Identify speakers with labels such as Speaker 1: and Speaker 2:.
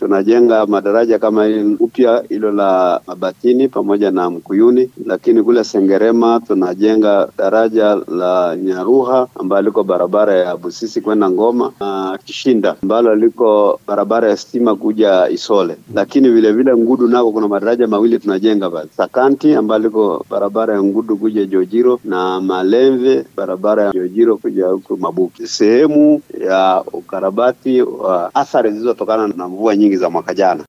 Speaker 1: tunajenga madaraja kama hili upya hilo la Mabatini pamoja na Mkuyuni, lakini kule Sengerema tunajenga daraja la Nyaruha ambalo liko barabara ya Busisi kwenda Ngoma na Kishinda ambalo liko barabara ya stima kuja Isole. Lakini vilevile Ngudu nako kuna madaraja mawili tunajenga pale, Sakanti ambalo liko barabara ya Ngudu kuja Jojiro na Malemve barabara ya Jojiro kuja huku Mabuki, sehemu ya ukarabati wa athari zilizotokana na mvua
Speaker 2: nyingi nyingi za mwaka jana